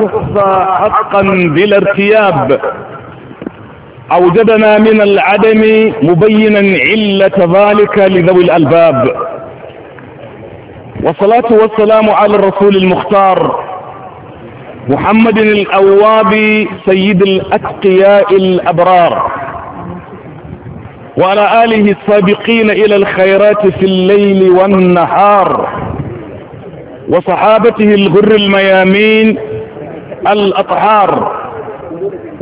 القصة حقا بلا ارتياب أوجدنا من العدم مبينا علة ذلك لذوي الألباب والصلاة والسلام على الرسول المختار محمد الأواب سيد الأتقياء الأبرار وعلى آله السابقين إلى الخيرات في الليل والنهار وصحابته الغر الميامين الأطهار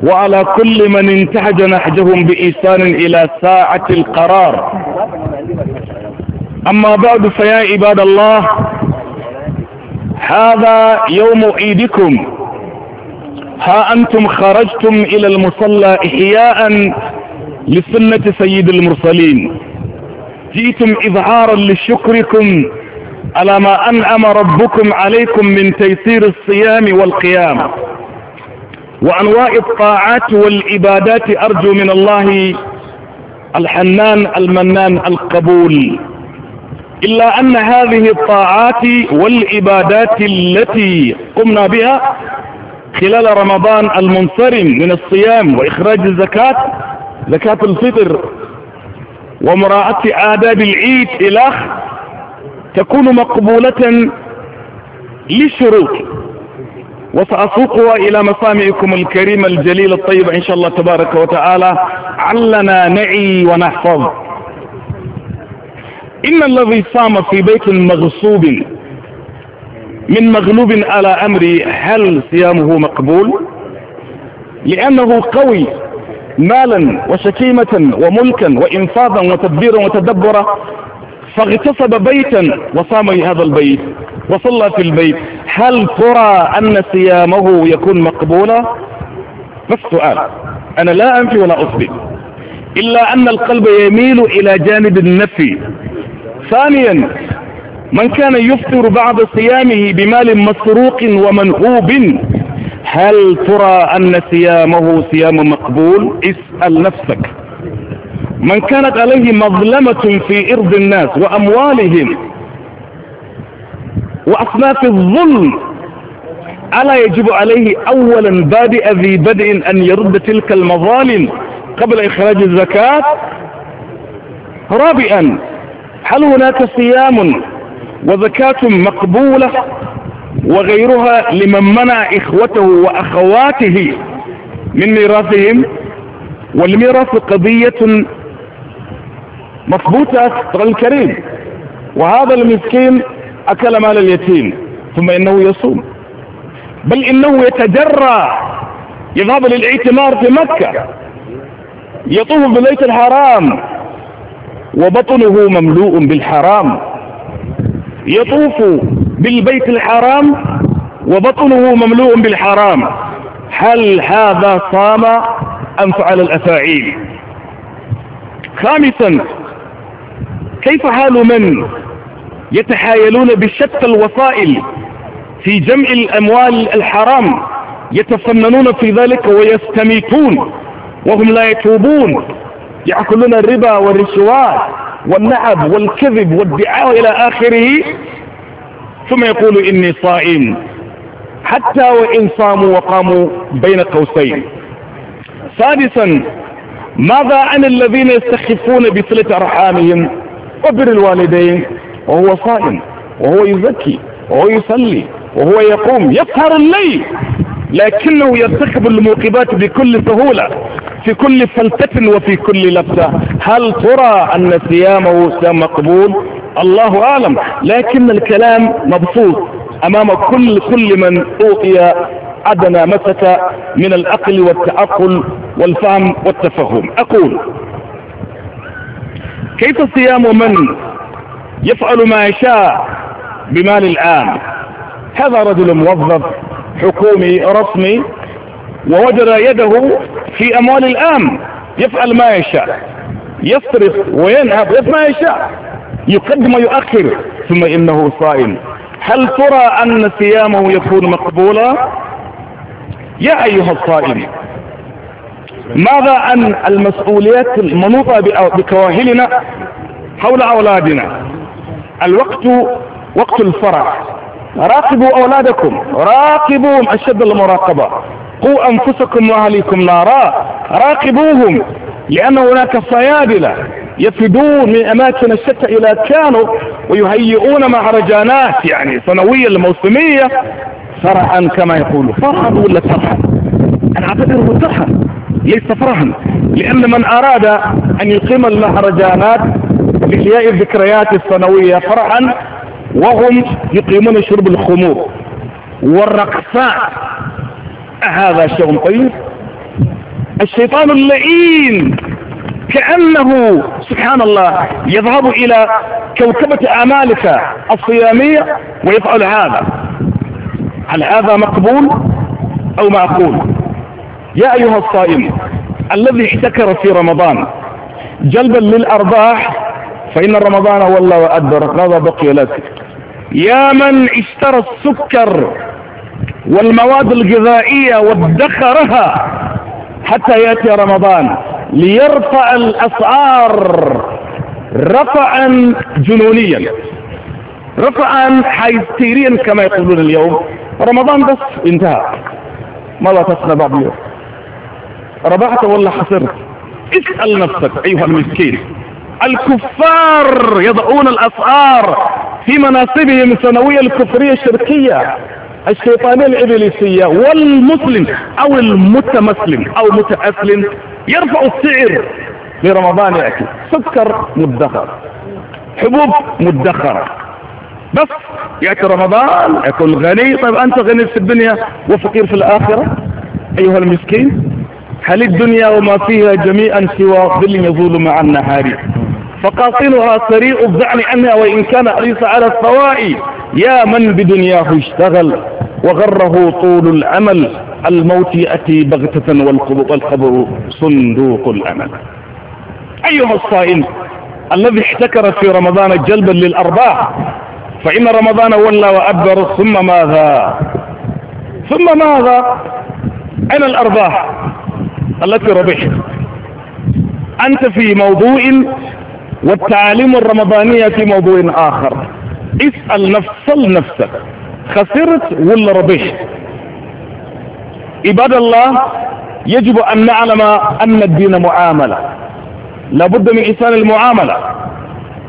وعلى كل من انتهج نحجهم بإيسان إلى ساعة القرار أما بعد فيا عباد الله هذا يوم عيدكم ها أنتم خرجتم إلى المصلى إحياء لسنة سيد المرسلين جئتم إظهارا لشكركم على ما أنعم ربكم عليكم من تيسير الصيام والقيام وأنواع الطاعات والعبادات أرجو من الله الحنان المنان القبول إلا أن هذه الطاعات والعبادات التي قمنا بها خلال رمضان المنصرم من الصيام وإخراج الزكاة زكاة الفطر ومراعاة آداب العيد إلخ تكون مقبولة للشروط وسأسوقها إلى مسامعكم الكريمة الجليلة الطيبة إن شاء الله تبارك وتعالى علنا نعي ونحفظ إن الذي صام في بيت مغصوب من مغلوب على أمري هل صيامه مقبول لأنه قوي مالا وشكيمة وملكا وإنفاذا وتدبيرا وتدبرا فاغتصب بيتا وصام هذا البيت وصلى في البيت هل ترى أن صيامه يكون مقبولا ما السؤال أنا لا أنفي ولا أصدق إلا أن القلب يميل إلى جانب النفي ثانيا من كان يفطر بعد صيامه بمال مسروق ومنهوب هل ترى أن صيامه صيام مقبول اسأل نفسك من كانت عليه مظلمة في إرض الناس وأموالهم وأصناف الظلم ألا يجب عليه أولا بادئ ذي بدء أن يرد تلك المظالم قبل إخراج الزكاة رابعا هل هناك صيام وزكاة مقبولة وغيرها لمن منع إخوته وأخواته من ميراثهم والميراث قضية مفبوتة ترى الكريم وهذا المسكين أكل مال اليتيم ثم إنه يصوم بل إنه يتجرى يذهب للاعتمار في مكة يطوف بالبيت الحرام وبطنه مملوء بالحرام يطوف بالبيت الحرام وبطنه مملوء بالحرام هل هذا صام أم فعل الأفاعيل خامسا كيف حال من يتحايلون بشتى الوسائل في جمع الأموال الحرام يتفننون في ذلك ويستميتون وهم لا يتوبون يأكلون الربا والرشوات والنعب والكذب والدعاء إلى آخره ثم يقول إني صائم حتى وإن صاموا وقاموا بين قوسين سادسا ماذا عن الذين يستخفون بصلة أرحامهم وبر الوالدين وهو صائم وهو يزكي وهو يصلي وهو يقوم يسهر الليل لكنه يرتكب الموقبات بكل سهولة في كل فلتة وفي كل لفة هل ترى أن صيامه صيام مقبول الله أعلم لكن الكلام مبسوط أمام كل كل من أوقي أدنى مسك من العقل والتعقل والفهم والتفهم أقول كيف صيام من يفعل ما يشاء بمال العام هذا رجل موظف حكومي رسمي ووجد يده في أموال الآن يفعل ما يشاء يصرف وينهب ما يشاء يقدم ويؤخر ثم إنه صائم هل ترى أن صيامه يكون مقبولا يا أيها الصائم ماذا عن المسؤوليات المنوطة بكواهلنا حول أولادنا الوقت وقت الفرح راقبوا أولادكم راقبوهم أشد المراقبة قوا أنفسكم وأهليكم نارا راقبوهم لأن هناك صيادلة يفدون من أماكن الشتى إلى كانوا ويهيئون مهرجانات يعني سنوية الموسمية فرحا كما يقولوا فرحا ولا فرحا أنا أعتبره فرحا ليس فرحا لأن من أراد أن يقيم المهرجانات لإحياء الذكريات السنوية فرحا وهم يقيمون شرب الخمور والرقصاء هذا شيء طيب الشيطان اللئيم كأنه سبحان الله يذهب إلى كوكبة أعمالك الصيامية ويفعل هذا هل هذا مقبول أو معقول يا أيها الصائم الذي احتكر في رمضان جلبا للأرباح فإن رمضان والله وأدبر ماذا بقي لك يا من اشترى السكر والمواد الغذائية وادخرها حتى يأتي رمضان ليرفع الأسعار رفعا جنونيا رفعا حيثيريا كما يقولون اليوم رمضان بس انتهى ما لا تسنى بعض اليوم ربحت ولا حسرت اسأل نفسك أيها المسكين الكفار يضعون الأسعار في مناصبهم السنوية الكفرية الشركية الشيطانية الإبليسية والمسلم أو المتمسلم أو متأسلم يرفع السعر لرمضان يأتي سكر مدخر حبوب مدخرة بس يأتي رمضان يكون غني طيب أنت غني في الدنيا وفقير في الآخرة أيها المسكين هل الدنيا وما فيها جميعا سوى ظل يظول مع النهار فقاطنها سريع الذعن عنها وإن كان حريص على الثوائي يا من بدنياه اشتغل وغره طول العمل الموت يأتي بغتة والقبر صندوق الأمل أيها الصائم الذي احتكر في رمضان جلبا للأرباح فإن رمضان ولى وأدبر ثم ماذا ثم ماذا أنا الأرباح التي ربحت أنت في موضوع والتعاليم الرمضانية في موضوع آخر اسأل نفس نفسك خسرت ولا ربحت عباد الله يجب أن نعلم أن الدين معاملة لابد من إحسان المعاملة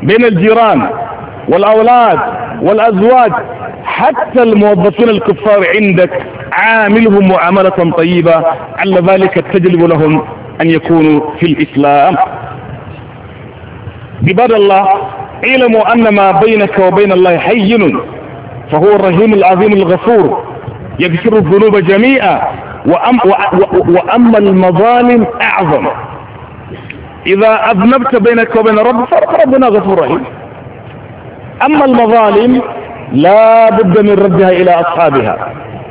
بين الجيران والأولاد والأزواج حتى الموظفين الكفار عندك عاملهم معاملة طيبة على ذلك تجلب لهم أن يكونوا في الإسلام عباد الله اعلموا أن ما بينك وبين الله حين فهو الرحيم العظيم الغفور يغفر الذنوب جميعا وأم وأما المظالم أعظم إذا أذنبت بينك وبين رب فربنا غفور رحيم أما المظالم لا بد من ردها إلى أصحابها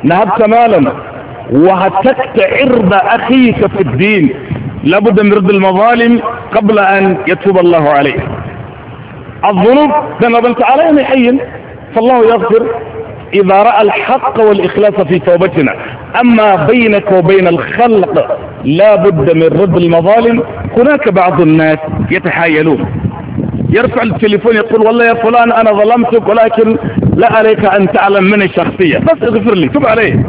نهبت مالا وهتكت عرض أخيك في الدين لابد من رد المظالم قبل أن يتوب الله عليه كما ذنبت عليها حيا فالله يغفر إذا رأى الحق والإخلاص في توبتنا أما بينك وبين الخلق لابد من رد المظالم هناك بعض الناس يتحايلون يرفع التليفون يقول والله يا فلان أنا ظلمتك ولكن لا عليك أن تعلم مني الشخصية بس اغفر لي تب عليه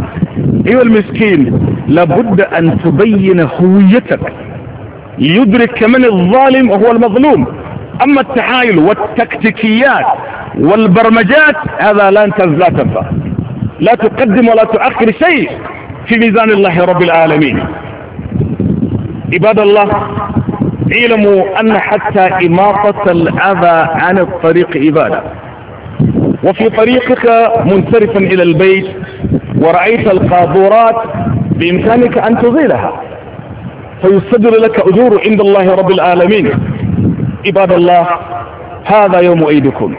أيها المسكين لابد أن تبين هويتك ليدرك من الظالم وهو المظلوم أما التحايل والتكتيكيات والبرمجات هذا لا لا تنفع لا تقدم ولا تؤخر شيء في ميزان الله رب العالمين عباد الله اعلموا أن حتى إماطة الأذى عن الطريق عبادة وفي طريقك منصرفا إلى البيت ورأيت القاذورات بإمكانك أن تزيلها فيصدر لك أجور عند الله رب العالمين عباد الله هذا يوم عيدكم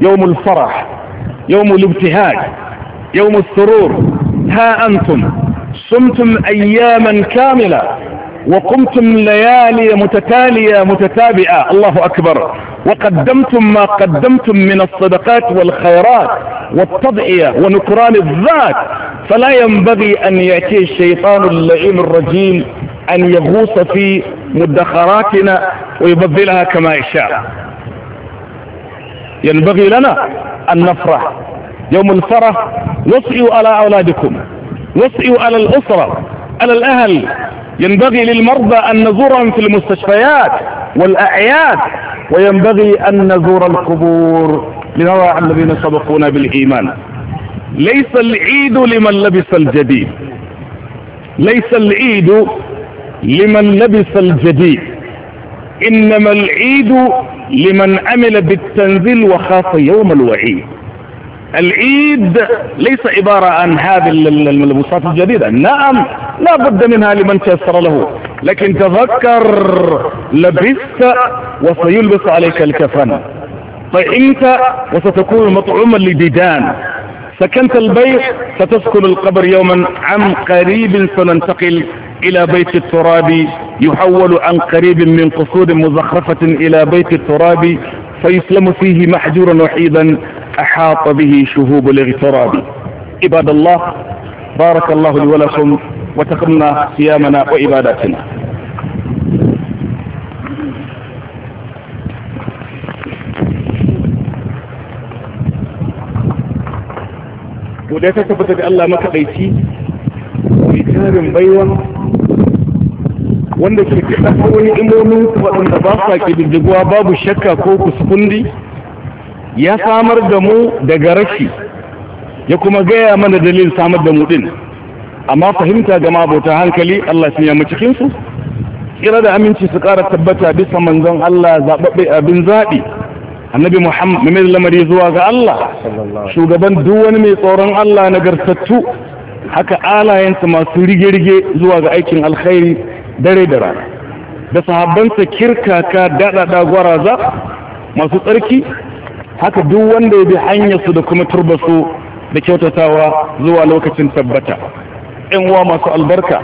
يوم الفرح يوم الابتهاج يوم السرور ها أنتم صمتم أياما كاملة وقمتم ليالي متتالية متتابعة الله أكبر وقدمتم ما قدمتم من الصدقات والخيرات والتضعية ونكران الذات فلا ينبغي أن يأتي الشيطان اللعين الرجيم أن يغوص في مدخراتنا ويبذلها كما يشاء ينبغي لنا أن نفرح يوم الفرح وصعوا على أولادكم وصعوا على الأسرة على الأهل ينبغي للمرضى أن نزورهم في المستشفيات والأعياد وينبغي أن نزور القبور لنرى الذين سبقونا بالإيمان ليس العيد لمن لبس الجديد ليس العيد لمن لبس الجديد إنما العيد لمن عمل بالتنزيل وخاف يوم الوعيد العيد ليس عبارة عن هذه الملبوسات الجديدة نعم لا بد منها لمن تيسر له لكن تذكر لبست وسيلبس عليك الكفن طعمت وستكون مطعوما لديدان سكنت البيت ستسكن القبر يوما عن قريب سننتقل إلى بيت التراب يحول عن قريب من قصور مزخرفة إلى بيت التراب فيسلم فيه محجورا وحيدا أحاط به شهوب الاغتراب عباد الله بارك الله لي ولكم وتقمنا صيامنا وإباداتنا وده ta tabbata da Allah makaɗaici mai tarin baiwa wanda ke fiɗa wani imomin waɗanda ba sa ƙididdigwa babu shakka ko kuskundi ya samar da mu daga rashi ya kuma gaya mana dalilin samar da mu ɗin amma fahimta ga mabota hankali Allah sun cikin cikinsu kira da aminci su ƙara tabbata bisa manzon Allah zaɓaɓɓe abin zaɓi annabi Muhammad mai lamari zuwa ga Allah shugaban duk wani mai tsoron Allah garsattu haka alayensa masu rige-rige zuwa ga aikin alkhairi dare da rana da sahabbansa kirkaka daɗaɗa gwaraza masu tsarki haka duk wanda ya bi hanyarsu da kuma turbasu da kyautatawa zuwa lokacin tabbata yan uwa masu albarka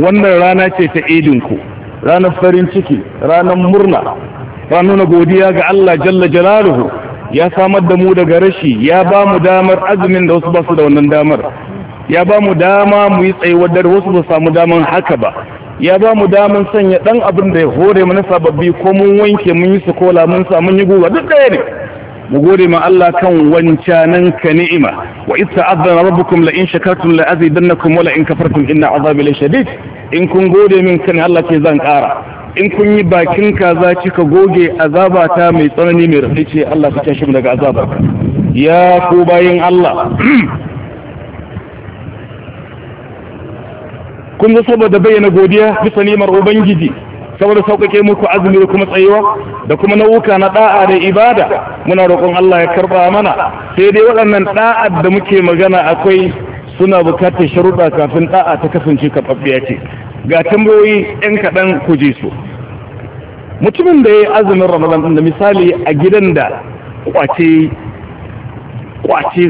wannan rana ce ta idinku ranar farin ciki ranar murna ranar na godiya ga Allah jalla jalaluhu ya samar da mu daga rashi ya ba mu damar azumin da wasu basu da wannan damar ya ba mu dama mu yi tsayuwar dare wasu ba samu daman haka ba ya ba mu daman sanya dan abin da ya hore mana sababbi ko mun wanke mun yi sukola mun sa mun yi guga duk ɗaya ne mu gode ma Allah kan wancanan ka ni'ima wa idza adana rabbukum la in shakartum la azidannakum wa la in kafartum inna azabi la shadid in kun gode min kan Allah ce zan ƙara in kun yi bakin kaza kika goge azaba ta mai tsanani mai rafi ce Allah ka tashi daga azaba ya ku bayin Allah kun ga saboda bayyana godiya bisa nimar ubangiji saboda sauƙaƙe muku azumi da kuma tsayuwa da kuma nau'uka na ɗa'a da ibada muna roƙon Allah ya karba mana sai dai waɗannan da'a da muke magana akwai suna bukatar sharuɗa kafin ɗa'a ta kasance kafafiya ce ga tambayoyi ɗan kaɗan ku ji su mutumin da ya yi azumin ramadan da misali a gidan da kwace kwace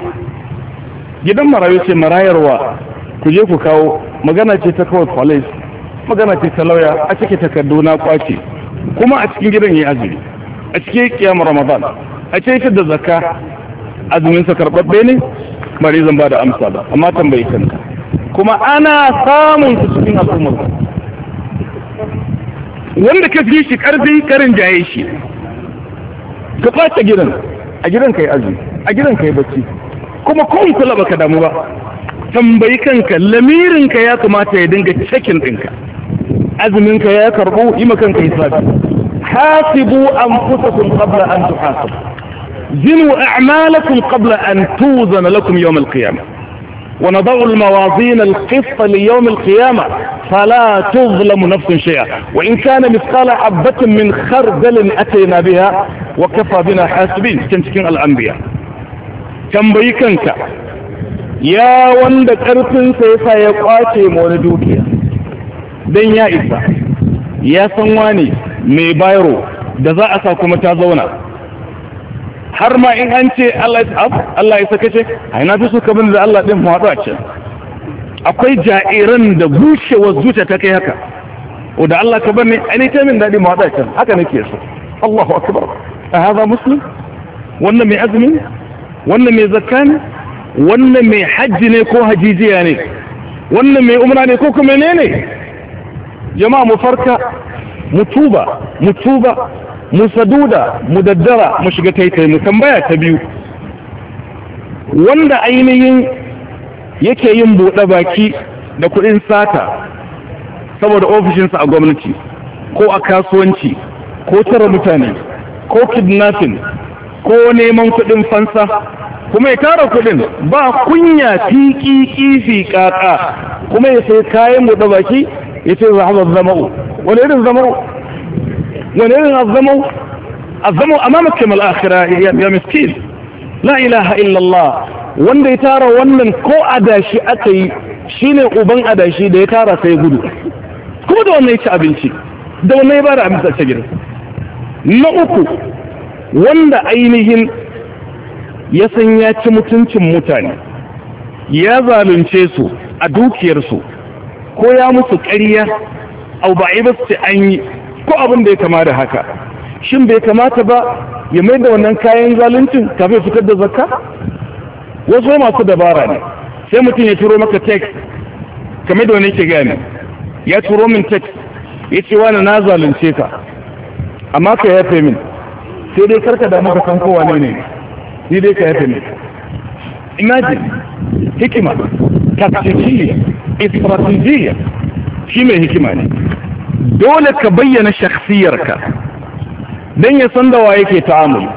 gidan marayu ce marayarwa ku je ku kawo magana ce ta kawai police magana ce ta lauya a cike takardu na kwace kuma a cikin gidan ya azumi a cikin kiyamar ramadan a ce shi da zakka azumin sa karɓaɓɓe ne Bari zan ba da amsa ba amma tambayi kanka kuma ana samun su cikin al'ummar wanda ka fi shi karfi karin jaye shi ka ɓata gidan a gidan ka yi azumi a gidan ka yi bacci kuma kun kula baka damu ba tambayi kanka lamirinka ya kamata ya dinga cikin ɗinka أذنك يا كربو يمكنك إثبات حاسبوا أنفسكم قبل أن تحاسب زنوا أعمالكم قبل أن توزن لكم يوم القيامة ونضع الموازين القصة ليوم القيامة فلا تظلم نفس شيئا وإن كان مثقال عبة من خردل أتينا بها وكفى بنا حاسبين تنشكين الأنبياء كم بيكنك يا وندك أرسل سيسا يقاتي مولدوكيا dan ya isa ya san wani mai bayro da za a sa kuma ta zauna har ma in an ce Allah is up Allah isa kace ai na fi so kabin da Allah din mu a can akwai ja'iran da bushe wa zuciya ta kai haka o da Allah ka barni ai ta min dadi mu a can haka nake so Allahu akbar a hada muslim wannan mai azumi wannan mai zakka ne wannan mai hajji ne ko hajijiya ne wannan mai umra ne ko kuma ne ne jama'a mu farka mu tuba mu tuba mu saduda mu daddara mu shiga taitai mu tambaya ta biyu wanda ainihin yake yin buɗe baki da kuɗin sata saboda ofishinsa a gwamnati ko a kasuwanci ko tara mutane ko kidnapping ko neman kuɗin fansa kuma ya tara kuɗin ba kunya fiƙi ƙifi ƙaƙa kuma ya sai kayan buɗe baki ya ce zahabar zama'u wani irin zama'u wani irin azama'u azama'u amamak kemal akhira ya miskin la ilaha illallah wanda ya tara wannan ko adashi aka yi shine uban adashi da ya tara sai gudu kuma da wannan ya ci abinci da wannan ya ba bada abinci a cikin na uku wanda ainihin ya san ya ci mutuncin mutane ya zalunce su a dukiyarsu ko ya musu ƙarya au ba'ibasti an yi ko abin da ya kama da haka shin bai kamata ba ya mai da wannan kayan zaluncin kafin fitar da zakka wasu masu dabara ne sai mutum ya turo maka text kamar da wani ke gani ya turo min text ya ce wani na zalunce ka amma ka yafe min sai dai karka da maka san kowa ne ne ni dai ka yafe min imagine hikima tactici istratijiyya shi mai hikima ne dole ka bayyana shakhsiyarka don ya san da wa yake ta'amuli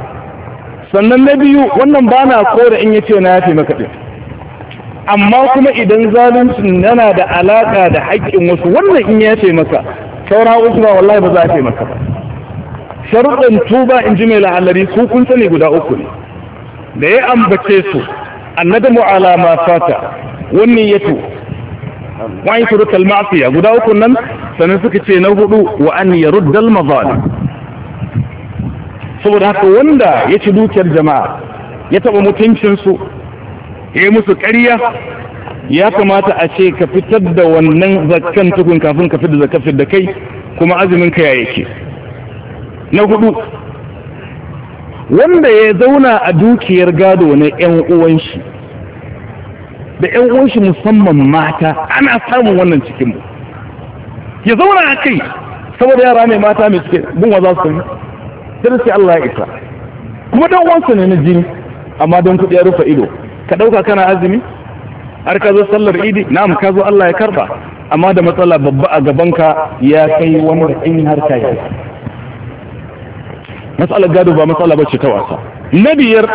sannan na biyu wannan ba na kora in yace na yafe maka din amma kuma idan zalunci yana da alaka da haƙƙin wasu wannan in yafe maka saura wasu ba wallahi ba za a maka ba sharuɗan tuba in ji mai la'alari su kun sani guda uku ne da ya ambace su annadamu ala ma fata wannan yato wa an turuka al guda uku nan sannan suka ce na hudu wa an ya ruddal mazalim saboda haka wanda ya ci dukiyar jama'a ya taba mutuncinsu, su ya musu ƙarya ya kamata a ce ka fitar da wannan zakkan tukun kafin ka fitar da zakkan da kai kuma azumin ka ya yake na hudu wanda ya zauna a dukiyar gado na 'yan uwan shi da yan uwanshi musamman mata ana samun wannan cikin mu ya zauna a kai saboda yara ne mata mai suke wa za su yi dan sai Allah ya isa kuma dan uwansa ne na jini amma don kuɗi ya rufe ido ka ɗauka kana azumi har ka zo sallar idi na'am ka zo Allah ya karba amma da matsala babba a gabanka ya kai wani in har ka yi matsalar gado ba matsala bace ta wasa na biyar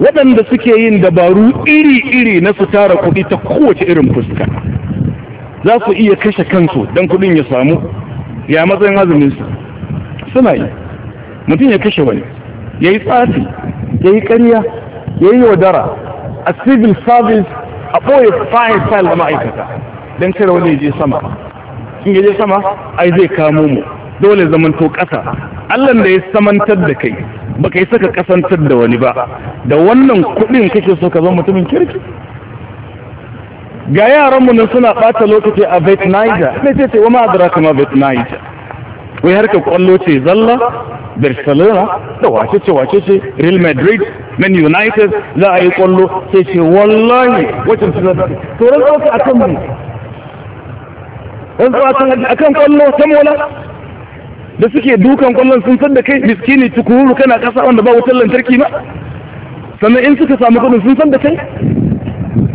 waɗanda suke yin dabaru iri-iri na su tara kuɗi ta kowace irin fuska za su iya kashe kansu don kuɗin ya samu ya matsayin azuminsu suna yi mutum ya kashe wani ya yi tsafi ya yi ƙarya ya yi wadara a civil service a ɓoye file file da ma'aikata don kare wani je sama in je sama ai zai kamo mu dole zamanto ƙasa allan da ya samantar da kai baka isa ka kasantar da wani ba da wannan kuɗin kake so ka zo mutumin kirki ga yaran mu nan suna ɓata lokaci a bet niger ne ce ce wa ma adara kama bet niger wai har ka kwallo ce zalla barcelona da wace ce wace ce real madrid man united za a yi kwallo sai ce wallahi wacin ta zafi to ran tsawata akan mu ran tsawata a kan kwallo ta mola da suke dukan kwallon sun san da kai miskini tukuru kana kasa wanda ba wutar lantarki ba sannan in suka samu kudin sun san da kai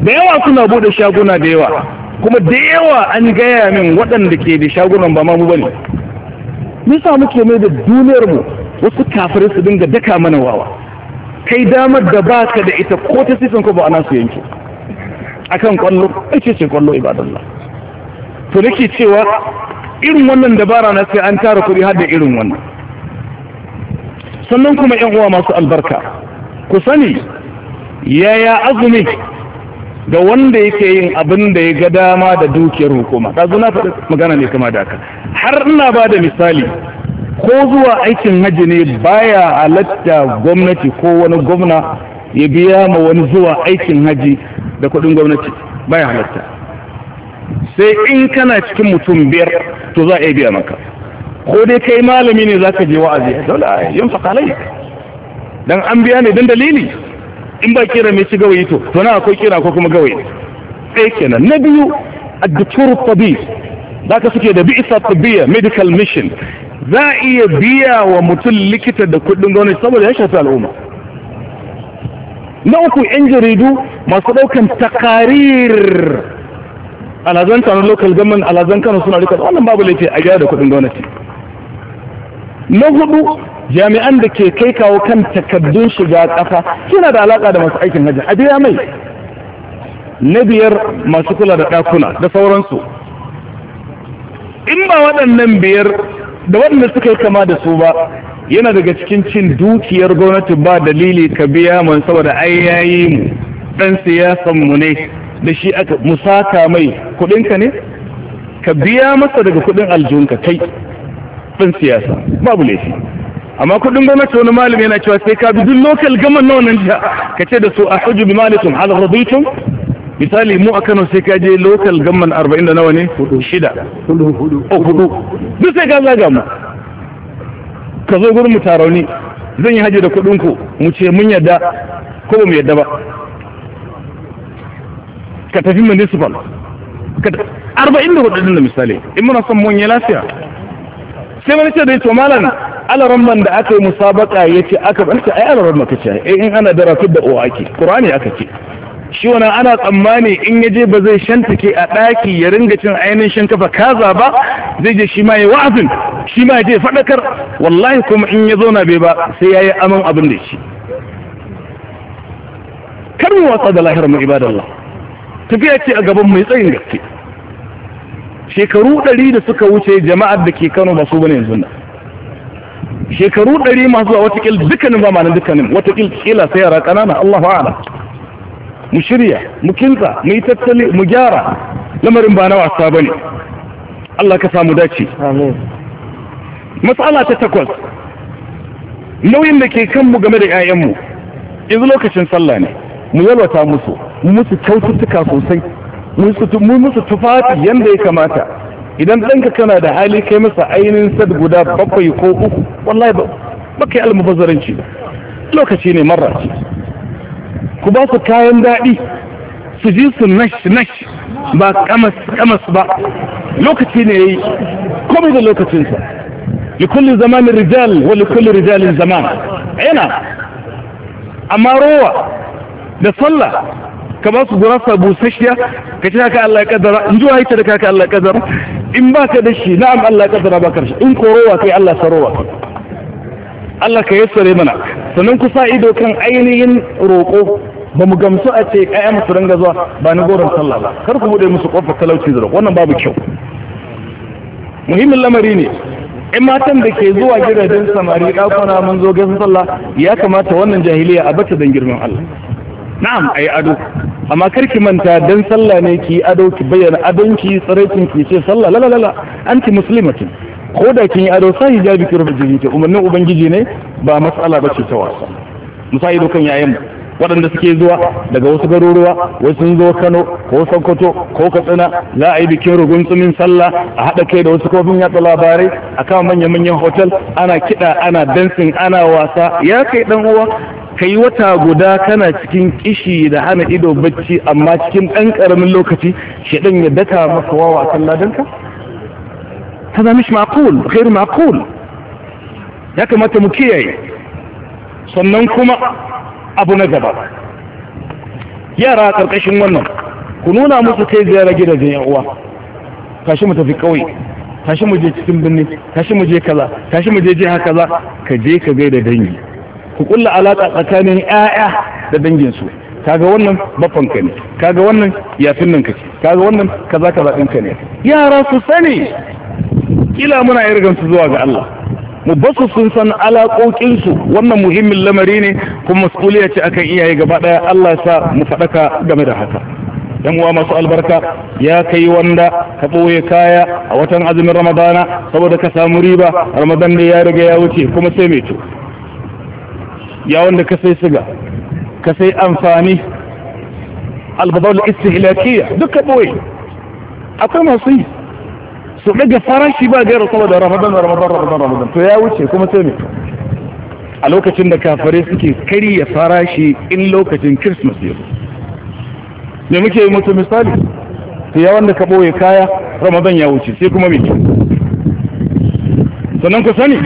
da yawa suna bude shaguna da yawa kuma da yawa an gaya min waɗanda ke da shagunan ba mu bane mun samu ke mai da duniyar mu wasu kafirai su dinga daka mana wawa kai damar da baka da ita ko ta sifin ko ba ana su yanke akan kwallo ce ce kwallo ibadallah to nake cewa irin wannan dabara na sai an tara kuɗi har da irin wannan sannan kuma yan uwa masu albarka ku sani yaya azumi da wanda yake yin abin da ya ga dama da dukiyar hukuma ɗazu na faɗi magana ne kama da haka har ina ba da misali ko zuwa aikin haji ne baya halatta gwamnati ko wani gwamna ya biya ma wani zuwa aikin haji da kuɗin gwamnati baya halatta sai in kana cikin mutum biyar to za a biya maka ko dai kai malami ne ka je wa'azi dole a yin fakalai dan an biya ne dan dalili in ba kira mai ci gawayi to to na akwai kira ko kuma gawayi sai kenan na biyu ad-doktor za ka suke da bi'sa tabiyya medical mission za a iya biya wa mutum likita da kuɗin gwamnati saboda ya shafi al'umma na uku yan jaridu masu ɗaukan takarir alhazan kano local government Alazan kano suna rikon wannan babu laifi a gyara da kudin gwamnati na hudu jami'an da ke kai kawo kan takaddun shiga kasa suna da alaka da masu aikin hajji a biya mai na biyar masu kula da ɗakuna da sauransu in ba waɗannan biyar da waɗanda suka yi kama da su ba yana daga cikin cin dukiyar gwamnati ba dalili ka biya mun saboda ai yayi mu dan siyasan mu ne da shi aka musaka mai kudinka ne ka biya masa daga kudin aljihunka kai ɗin siyasa babu laifi amma kudin gwamnati wani malami yana cewa sai ka bi duk lokal gaman na wannan jiha ka ce da su a hajji bi malikum hal raditun misali mu a Kano sai ka je lokal gaman arba'in da nawa ne shida o oh, hudu duk sai ka zaga mu ka zo gurin mu tarauni zan yi hajji da kudin ku mu ce mun yadda ko ba mu yadda ba ka tafi municipal arba'in da hudu da misali in muna son mun yi lafiya sai wani ce da to malam alaramman da aka yi musabaka ya ce aka ɓarce ai alaramma ka ce in ana da rafi da uwa ake ƙurani aka ce shi wani ana tsammani in ya je ba zai shantake a ɗaki ya ringa cin ainihin shinkafa kaza ba zai je shi ma ya wa'azin shi ma ya je faɗakar wallahi kuma in ya zauna bai ba sai ya yi aman abin da shi kar mu watsa da lahirar mu ibadallah tafiya ce a gaban mai tsayin gaske shekaru ɗari da suka wuce jama'ar da ke kano ba su bane yanzu na shekaru ɗari masu zuwa watakil dukkanin ba mana dukkanin watakil kila sai yara ƙanana Allahu ala mu shirya mu kinsa mu yi tattali mu gyara lamarin ba na wasa bane Allah ka samu dace matsala ta takwas nauyin da ke kanmu game da 'ya'yanmu yanzu lokacin sallah ne mu yalwata musu mu musu kyaututtuka sosai mu musu tufafi yadda ya kamata idan ɗanka kana da hali kai masa ainihin sad guda bakwai ko uku wallahi ba kai almubazzaranci lokaci ne mara, ku ba su kayan daɗi su ji su nash nash ba kamas kamas ba lokaci ne ya yi komai da lokacinsa likulli zamanin rijal wa likulli rijalin zaman yana amma rowa da sallah ka ba su gurasa busasshiya ka ci haka Allah ya kaddara in zuwa yi da kaka Allah ya kaddara in ba ka da shi na'am Allah ya kaddara ba karshe in korowa kai Allah sarowa Allah ka yassare mana sannan ku sa ido kan ainihin roƙo ba mu gamsu a ce ƴaƴa musu ranga zuwa ba na goron sallah ba kar ku bude musu kofar talauci da wannan babu kyau muhimmin lamari ne in matan da ke zuwa gidajen samari ɗakuna mun zo gaisa sallah ya kamata wannan jahiliya a bata don girman Allah na'am ai ado amma karki manta dan sallah ne ki ado ki bayyana adonki tsarekin ki ce sallah la la la anti muslimatin ko da kin yi ado sai hijabi ki rubuce ki umarnin ubangiji ne ba mas'ala ce ta wasa musayi dokan yayin mu waɗanda suke zuwa daga wasu garuruwa wasu sun zo kano ko sokoto ko katsina za a yi bikin rugun tsumin sallah a haɗa kai da wasu kofin yatsa labarai a kan manya-manyan hotel ana kiɗa ana dansin ana wasa ya kai ɗan uwa ka yi wata guda kana cikin kishi da hana ido bacci amma cikin ɗan ƙaramin lokaci shaɗan ya daka maka wawa a kan ladanka? هذا مش معقول غير معقول ya kamata mu kiyaye sannan kuma abu na gaba yara a ƙarƙashin wannan ku nuna musu kai ziyara gidajen yan uwa tashi mu tafi ƙauye tashi mu je cikin birni tashi mu je kaza tashi mu je jiha kaza ka je ka gaida dangi ku kulla alaƙa tsakanin ƴaƴa da danginsu kaga wannan baffan ka ne kaga wannan yafin nan ka ce kaga wannan kaza kaza ɗinka ne yara su sani kila muna irgan su zuwa ga Allah mu basu sun san alaƙoƙinsu wannan muhimmin lamari ne kuma masuliya ce akan iyaye gaba ɗaya Allah sa mu faɗaka game da haka yan uwa masu albarka ya kai wanda ka ɓoye kaya a watan azumin ramadana saboda ka samu riba ramadan ne ya riga ya wuce kuma sai mai to ya wanda ka sai siga ka sai amfani albabal duk ka ɓoye akwai masu yi su daga farashi ba gaira saboda ramadan ramadan ramadan ramadan to ya wuce kuma sai ne a lokacin da kafare suke karya farashi in lokacin christmas yau ne muke yi mutu misali to ya wanda ka ɓoye kaya ramadan ya wuce sai kuma mai sannan ku sani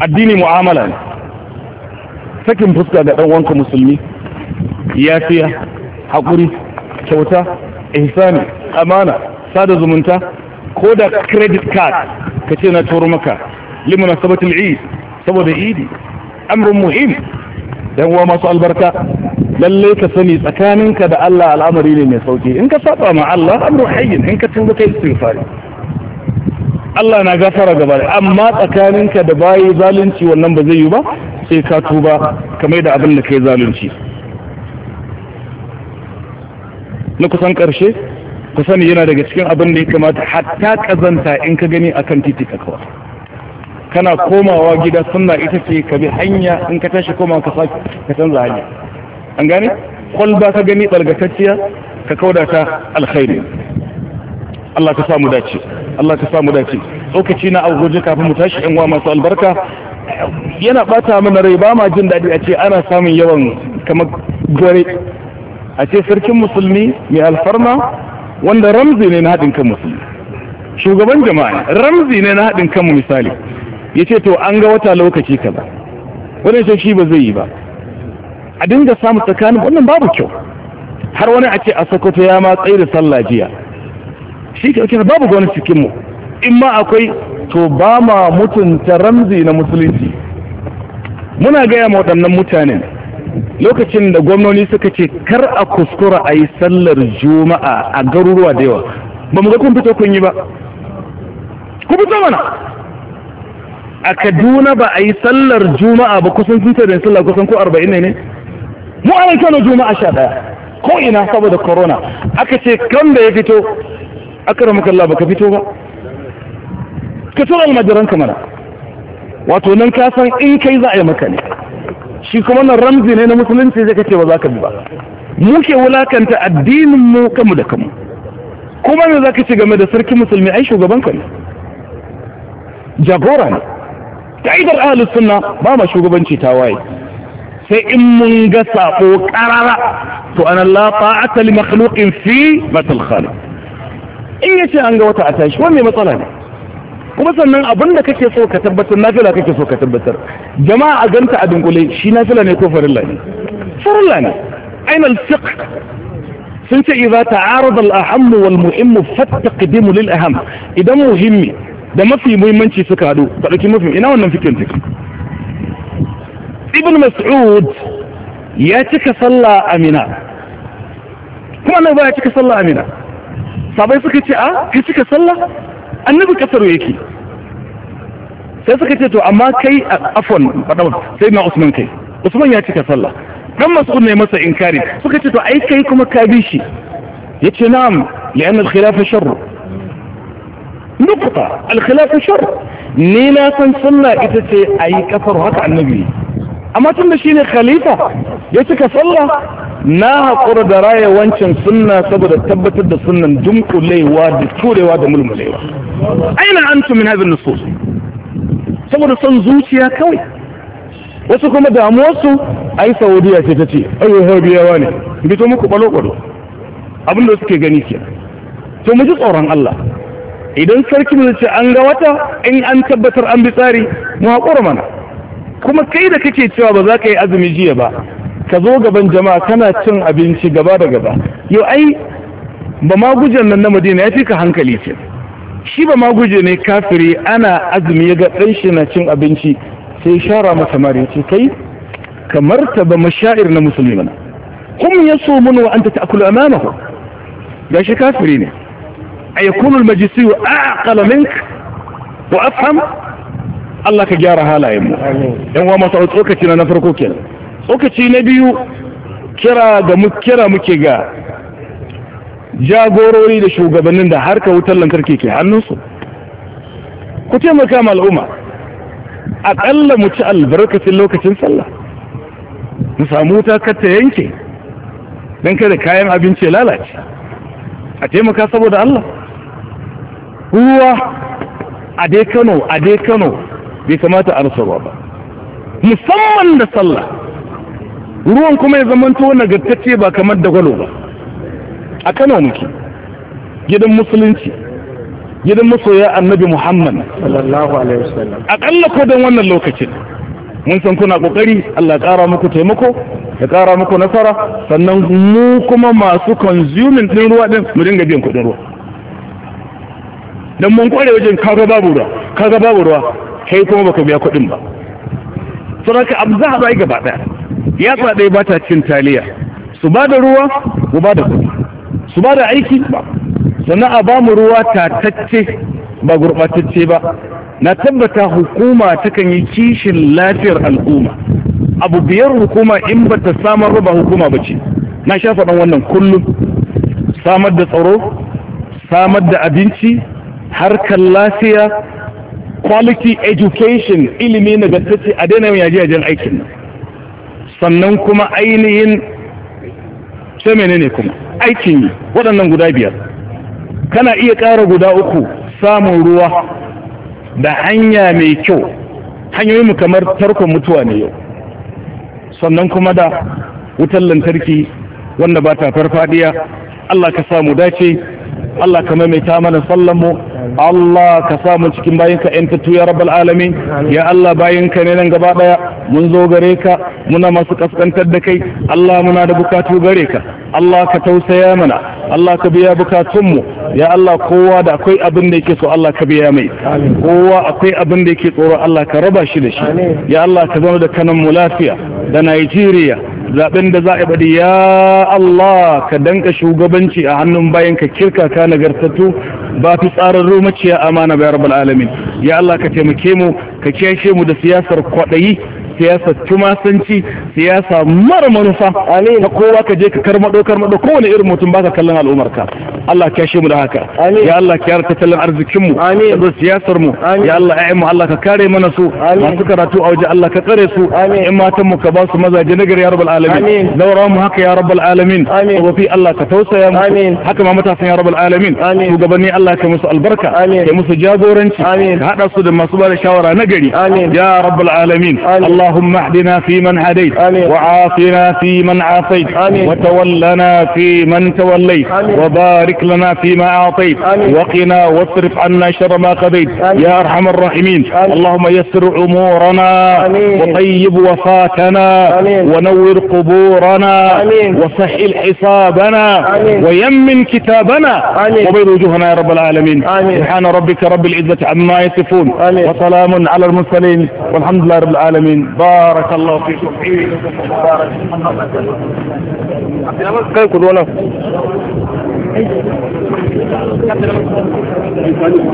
addini mu'amala ne sakin fuska ga ɗan wanka musulmi yafiya haƙuri kyauta ihsani amana sada zumunta ko da credit card ka ce na turo maka limuna sabatul eid saboda idi amrun muhim dan uwa masu albarka lalle ka sani tsakaninka da Allah al'amari ne mai sauki in ka saba ma Allah amrun hayyin in ka tunga kai istighfari Allah na gafara gaba amma tsakaninka da bayi zalunci wannan ba zai yi ba sai ka tuba kamar da abin da kai zalunci na kusan ƙarshe ku sani yana daga cikin abin da ya kamata hatta kazanta in ka gani akan titi ka kana komawa gida sunna ita ce ka bi hanya in ka tashi koma ka sa ka canza hanya an gane kwalba ka gani balgatacciya ka kauda ta alkhairi Allah ka samu dace Allah ka samu dace tsokaci na agogo kafin mu tashi yan uwa masu albarka yana bata mana rai ba ma jin daɗi a ce ana samun yawan kamar gore a ce sarkin musulmi mai alfarma wanda ramzi ne na haɗin kan musulmi shugaban jama'a ramzi ne na haɗin kanmu misali ya ce to an ga wata lokaci kaza Wani ce shi ba zai yi ba a dinga samu tsakanin wannan babu kyau har wani a ce a sokoto ya ma tsaye da sallah jiya shi ke kira babu gwani cikinmu in ma akwai to ba ma mutunta ramzi na musulunci muna gaya ma waɗannan mutanen lokacin da gwamnoni suka ce kar a kuskura a yi sallar juma'a a garuruwa da yawa ba mu ga kun fito kun yi ba ku fito mana a kaduna ba a yi sallar juma'a ba kusan sun da sallar kusan ko arba'in ne ne mu ana kano juma'a sha ɗaya ko ina saboda corona aka ce kan da ya fito aka ramakalla ba ka fito ba ka tura almajiranka mana wato nan ka san in kai za a yi maka ne shi kuma nan ramzi ne na musulunci zai kace ba za ka bi ba muke wulakanta addinin mu kanmu da kanmu kuma me za ka ci game da sarki musulmi ai shugaban ka ne jagora ne ka'idar ahlus sunna ba ma shugabanci ta waye sai in mun ga sako karara to an la ta'ata li makhluqin fi matal khaliq in yace an ga wata a tashi wanne matsala ne kuma sannan abin da kake so ka tabbatar na fila kake so ka tabbatar jama'a a ganta a dunkule shi nafila ne ko farilla ne farilla ne ainal fiqh sun ce idza ta'arada al-aham wal muhim fattaqdimu lil aham idan muhimmi da mafi muhimmanci su kadu ka dauki mafi ina wannan fikin take ibn mas'ud ya cika sallah amina kuma nan ba ya cika sallah amina sabai suka ce a ah, ka cika sallah annabi kasaro yake sai suka ce to amma kai afon fadawan sai na usman kai usman ya cika sallah dan mas'ud ne masa inkari suka ce to ai kai kuma ka bi shi yace na'am li'anna al-khilafa sharr nukta al-khilafa sharr ni na san sallah ita ce ayi kafar haka annabi amma tun da shi ne khalifa ya cika sallah na haƙura da raya wancan sunna saboda tabbatar da sunan dunkulewa da turewa da mulmulewa aina antum min hadhihi nusus saboda son zuciya kawai wasu kuma su. ai saudiya ce ta ce ayo harbiyawa ne bito muku balo-balo da suke gani ke to mu ji tsoron Allah idan sarki mu ce an ga wata in an tabbatar an bi tsari mu haƙura mana kuma kai da kake cewa ba za ka yi azumi jiya ba ka zo gaban jama'a kana cin abinci gaba da gaba yau ai ba ma gujen nan na madina ya fi ka hankali ce shi ba maguje ne kafiri ana azumi ya ga ɗan shi na cin abinci sai shara masa mari ce kai kamar ta ba mashair na musulmi mana so yasumun wa a ta'kulu ga shi kafiri ne a yi kunul majisi a mink wa afham Allah ka gyara halayen mu yan wa masu tsokaci na farko kenan tsokaci na biyu kira ga mu kira muke ga jagorori da shugabannin da harka wutar lantarki ke hannunsu ku taimaka ma al'umma aƙalla mu ci albarkacin lokacin sallah mu samu wuta ta yanke don kada kayan abinci ya lalace a taimaka saboda Allah ruwa a dai kano a dai kano bai kamata a rasa ba musamman da sallah ruwan kuma ya zamanto nagartacce ba kamar da gwalo ba a kano muke gidan musulunci gidan masoya annabi muhammad sallallahu alaihi wasallam akalla ko don wannan lokacin mun san kuna kokari Allah ya kara muku taimako ya kara muku nasara sannan mu kuma masu consuming din ruwa din mu dinga biyan kudin ruwa dan mun kware wajen kaga babu ruwa kaga babu ruwa kai kuma baka biya kudin ba saboda abu za a bai gaba daya ya tsada ba ta cin taliya su ba da ruwa mu ba da kudi su ba da aiki ba sannan a ba mu ruwa tatacce ba gurɓatacce ba na tabbata hukuma takan yi kishin lafiyar al'umma abu biyar hukuma in ba ta samar ba hukuma ba ce na sha faɗin wannan kullum samar da tsaro samar da abinci harkar lafiya quality education ilimi nagartacce a daina mai yajen aikin sannan kuma ainihin ce menene kuma aikin yi waɗannan guda biyar kana iya ƙara guda uku samun ruwa da hanya mai kyau hanyoyinmu kamar tarkon mutuwa ne yau sannan kuma da wutar lantarki wanda ba ta farfadiya Allah ka samu dace Allah ka maimaita mana sallan mu Allah ka sa mu cikin bayan ka tattu ya rabbal alamin ya Allah ka ne nan gaba daya mun zo gare ka muna masu kaskantar da kai Allah muna da bukatu gare ka Allah ka tausaya mana Allah ka biya bukatunmu ya Allah kowa da akwai abin da yake so Allah ka biya mai kowa akwai abin da yake tsoro Allah ka raba shi da shi ya Allah ka zama da kanan mu lafiya da Najeriya Zaɓen da za a bari ya Allah ka danka shugabanci a hannun bayan ka kirka ka nagartattu ba fi tsararru maciya amana bayar rabbal ya Allah ka taimake mu ka kiyashe mu da siyasar kwaɗayi siyasa tumasanci siyasa mara manufa ta kowa ka je ka karmado karmado kowane irin mutum baka kallon al'ummar ka Allah ka shi mu da haka ya Allah ka yarda tattalin arzikin mu da siyasar mu ya Allah ai mu Allah ka kare mana su masu karatu a waje Allah ka kare su in matan mu ka ba su mazaje na gari ya rabbal alamin zaura mu haka ya rabbal alamin wa fi Allah ka tausaya mu haka ma matasan ya rabbal alamin shugabanni Allah ka musu albarka ka musu jagoranci ka hada su da masu ba da shawara na gari ya rabbal alamin Allah اللهم اهدنا فيمن هديت وعافنا فيمن عافيت وتولنا فيمن توليت وبارك لنا فيما أعطيت وقنا واصرف عنا شر ما قضيت يا أرحم الراحمين اللهم يسر أمورنا وطيب وفاتنا ونور قبورنا وسهل حسابنا ويمن كتابنا وبيض وجوهنا يا رب العالمين سبحان ربك رب العزة عما يصفون وسلام على المرسلين والحمد لله رب العالمين بارك الله فيكم بارك الله فيكم